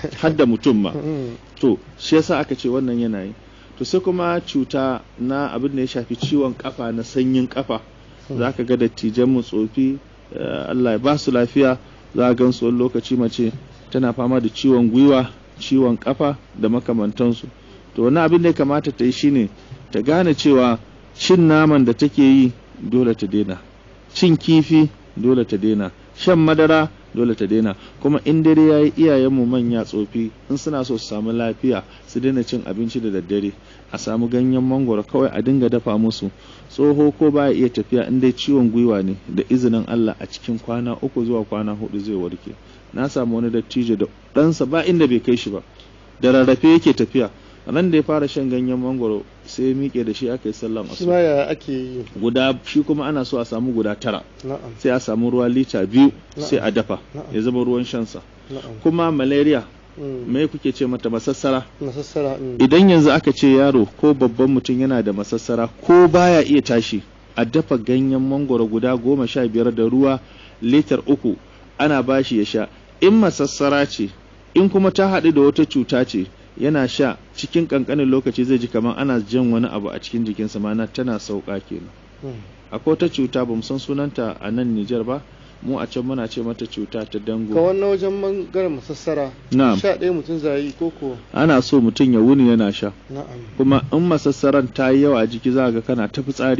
hadda mutum ma mm. to shi yasa aka ce wannan yana yi to sai kuma cuta na abin da ya shafi ciwon kafa na sanyin kafa mm. za ka ga dattijan mu tsofi eh, Allah ya ba su lafiya za a gan su wani lokaci mace tana fama da ciwon gwiwa ciwon kafa da makamantansu to wani abin da ya kamata ta yi shine ta gane cewa cin naman da take yi dole ta daina cin kifi dole ta daina shan madara dole ta daina kuma in dare ya yayi iyayenmu manya tsofi in suna so su samu lafiya su daina cin abinci da daddare a samu ganyen mangoro kawai a dinga dafa musu tsoho ko baya iya tafiya in dai ciwon gwiwa ne da izinin Allah a cikin kwana uku zuwa kwana hudu zai warke na samu wani dattijo da ɗansa ba inda bai kai shi ba da rarrafe yake tafiya ran da ya fara shan ganyen mangoro sai miƙe da shi aka yi sallan shi kuma ana so a samu guda tara sai a samu ruwa lita biyu sai a dafa ya zama ruwan shansa kuma malaria mai mm. kuke ce mata masassara mm. idan yanzu aka ce yaro ko babban mutum yana da masassara ko baya iya tashi a dafa ganyen mangoro guda goma sha biyar da ruwa litar uku ana bashi ya sha in masassara ce in kuma ta haɗu da wata cuta ce yana sha cikin kankanin lokaci zai ji kamar ana jan wani abu a cikin jikinsa mana tana sauka kenan hmm. akwai wata cuta ba san sunanta a nan Nijar ba mu a can muna ce mata cuta ta dango ka wannan wajen bangaren masassara na'am sha ɗaya mutum zai ko ko ana so mutum ya wuni yana sha kuma in masassaran ta yi yawa jiki za ga kana ta fitsari